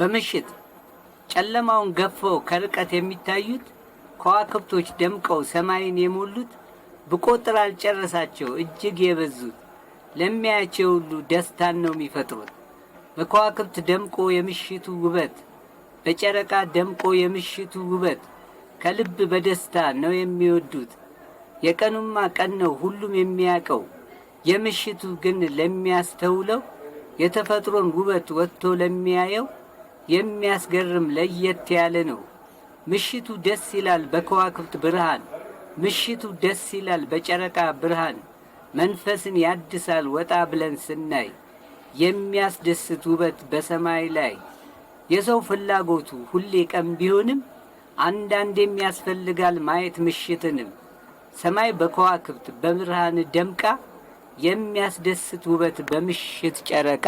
በምሽት ጨለማውን ገፈው ከርቀት የሚታዩት ከዋክብቶች ደምቀው ሰማይን የሞሉት ብቆጥር አልጨረሳቸው እጅግ የበዙት ለሚያያቸው ሁሉ ደስታን ነው የሚፈጥሩት። በከዋክብት ደምቆ የምሽቱ ውበት፣ በጨረቃ ደምቆ የምሽቱ ውበት ከልብ በደስታ ነው የሚወዱት። የቀኑማ ቀን ነው ሁሉም የሚያውቀው፣ የምሽቱ ግን ለሚያስተውለው የተፈጥሮን ውበት ወጥቶ ለሚያየው የሚያስገርም ለየት ያለ ነው። ምሽቱ ደስ ይላል በከዋክብት ብርሃን፣ ምሽቱ ደስ ይላል በጨረቃ ብርሃን። መንፈስን ያድሳል ወጣ ብለን ስናይ፣ የሚያስደስት ውበት በሰማይ ላይ። የሰው ፍላጎቱ ሁሌ ቀን ቢሆንም አንዳንዴም ያስፈልጋል ማየት ምሽትንም። ሰማይ በከዋክብት በብርሃን ደምቃ፣ የሚያስደስት ውበት በምሽት ጨረቃ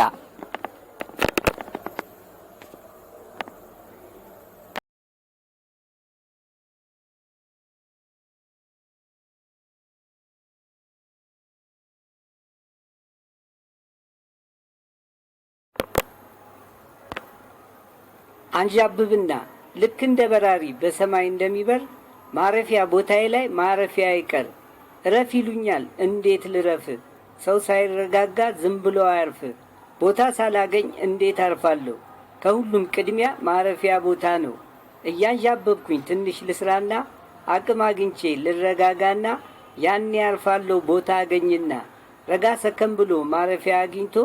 አንዣብብና ልክ እንደ በራሪ በሰማይ እንደሚበር ማረፊያ ቦታዬ ላይ ማረፊያ አይቀር። እረፍ ይሉኛል እንዴት ልረፍ? ሰው ሳይረጋጋ ዝም ብሎ አያርፍ። ቦታ ሳላገኝ እንዴት አርፋለሁ? ከሁሉም ቅድሚያ ማረፊያ ቦታ ነው። እያንዣበብኩኝ ትንሽ ልስራና አቅም አግኝቼ ልረጋጋና ያኔ አርፋለሁ ቦታ አገኝና ረጋ ሰከም ብሎ ማረፊያ አግኝቶ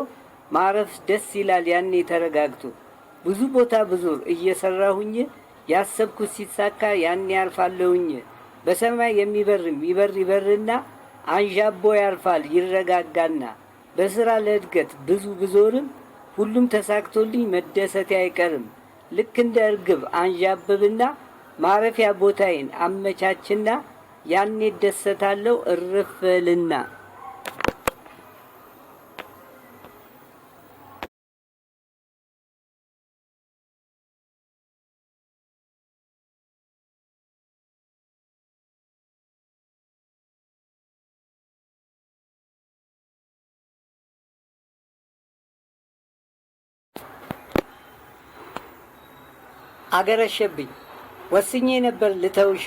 ማረፍ ደስ ይላል ያኔ ተረጋግቶ ብዙ ቦታ ብዙር እየሰራሁኝ ያሰብኩት ሲሳካ ያን ያልፋለሁኝ። በሰማይ የሚበርም ይበር ይበርና አንዣቦ ያልፋል ይረጋጋና በስራ ለእድገት ብዙ ብዞርም ሁሉም ተሳክቶልኝ መደሰት አይቀርም። ልክ እንደ እርግብ አንዣብብና ማረፊያ ቦታዬን አመቻችና ያኔ ደሰታለው እርፍልና አገረሸብኝ። ወስኜ ነበር ልተውሽ፣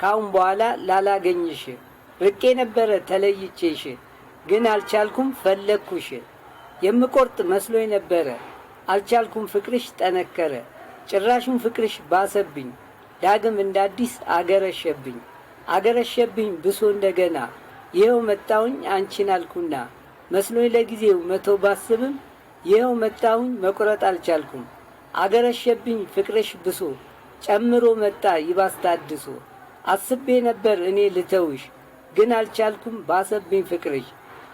ካሁን በኋላ ላላገኝሽ። ርቄ ነበረ ተለይቼሽ፣ ግን አልቻልኩም ፈለግኩሽ። የምቆርጥ መስሎኝ ነበረ፣ አልቻልኩም ፍቅርሽ ጠነከረ። ጭራሹን ፍቅርሽ ባሰብኝ፣ ዳግም እንደ አዲስ አገረሸብኝ። አገረሸብኝ ብሶ እንደገና፣ ይኸው መጣሁኝ አንቺን አልኩና መስሎኝ ለጊዜው መቶ ባስብም፣ ይኸው መጣሁኝ መቁረጥ አልቻልኩም። አገረሸብኝ ፍቅርሽ ብሶ ጨምሮ መጣ ይባስ ታድሶ አስቤ ነበር እኔ ልተውሽ ግን አልቻልኩም ባሰብኝ ፍቅርሽ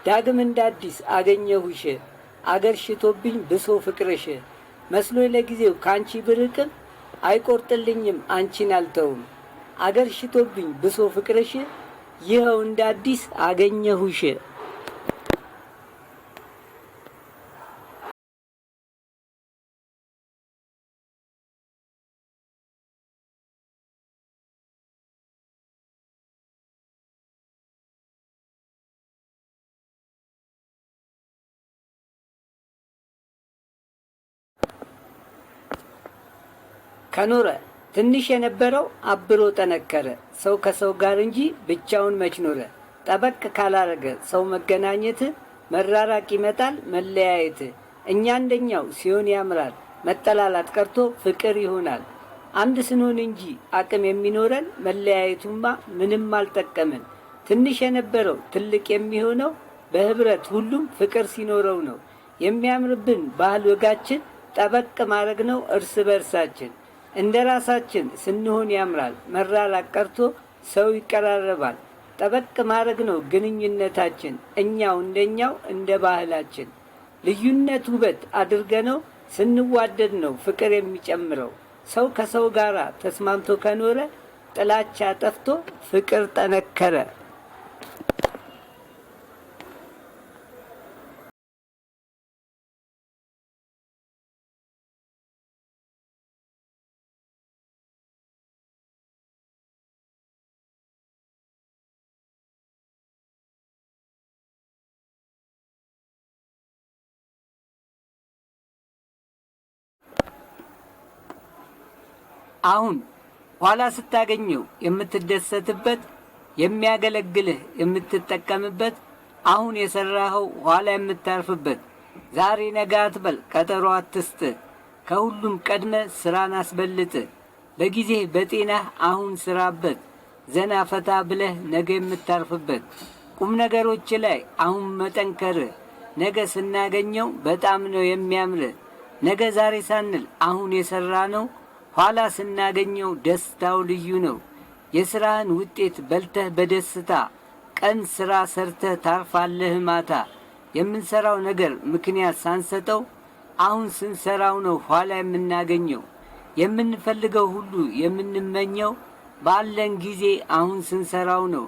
ዳግም እንደ አዲስ አገኘሁሽ አገርሽቶብኝ ብሶ ፍቅርሽ መስሎኝ ለጊዜው ካንቺ ብርቅም አይቆርጥልኝም አንቺን አልተውም አገርሽቶብኝ ብሶ ፍቅርሽ ይኸው እንደ አዲስ አገኘሁሽ። ከኖረ ትንሽ የነበረው አብሮ ጠነከረ። ሰው ከሰው ጋር እንጂ ብቻውን መች ኖረ? ጠበቅ ካላረገ ሰው መገናኘት፣ መራራቅ ይመጣል መለያየት። እኛ አንደኛው ሲሆን ያምራል፣ መጠላላት ቀርቶ ፍቅር ይሆናል። አንድ ስንሆን እንጂ አቅም የሚኖረን መለያየቱማ ምንም አልጠቀምን። ትንሽ የነበረው ትልቅ የሚሆነው በህብረት ሁሉም ፍቅር ሲኖረው ነው። የሚያምርብን ባህል ወጋችን ጠበቅ ማድረግ ነው እርስ በርሳችን እንደ ራሳችን ስንሆን ያምራል። መራራቅ ቀርቶ ሰው ይቀራረባል። ጠበቅ ማድረግ ነው ግንኙነታችን፣ እኛው እንደኛው እንደ ባህላችን። ልዩነት ውበት አድርገነው ስንዋደድ ነው ፍቅር የሚጨምረው። ሰው ከሰው ጋር ተስማምቶ ከኖረ ጥላቻ ጠፍቶ ፍቅር ጠነከረ። አሁን ኋላ ስታገኘው የምትደሰትበት የሚያገለግልህ የምትጠቀምበት አሁን የሠራኸው ኋላ የምታርፍበት ዛሬ ነገ አትበል፣ ቀጠሮ አትስጥ። ከሁሉም ቀድመ ሥራን አስበልጥ። በጊዜ በጤናህ አሁን ስራበት፣ ዘና ፈታ ብለህ ነገ የምታርፍበት። ቁም ነገሮች ላይ አሁን መጠንከር፣ ነገ ስናገኘው በጣም ነው የሚያምር። ነገ ዛሬ ሳንል አሁን የሠራ ነው ኋላ ስናገኘው ደስታው ልዩ ነው። የሥራህን ውጤት በልተህ በደስታ ቀን ሥራ ሰርተህ ታርፋለህ ማታ። የምንሠራው ነገር ምክንያት ሳንሰጠው አሁን ስንሠራው ነው ኋላ የምናገኘው። የምንፈልገው ሁሉ የምንመኘው ባለን ጊዜ አሁን ስንሠራው ነው።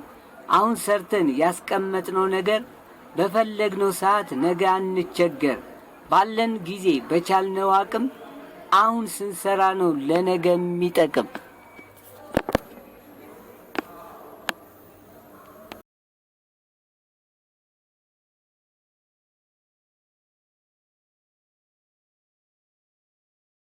አሁን ሰርተን ያስቀመጥነው ነገር በፈለግነው ሰዓት ነገ አንቸገር። ባለን ጊዜ በቻልነው አቅም አሁን ስንሰራ ነው ለነገ የሚጠቅም።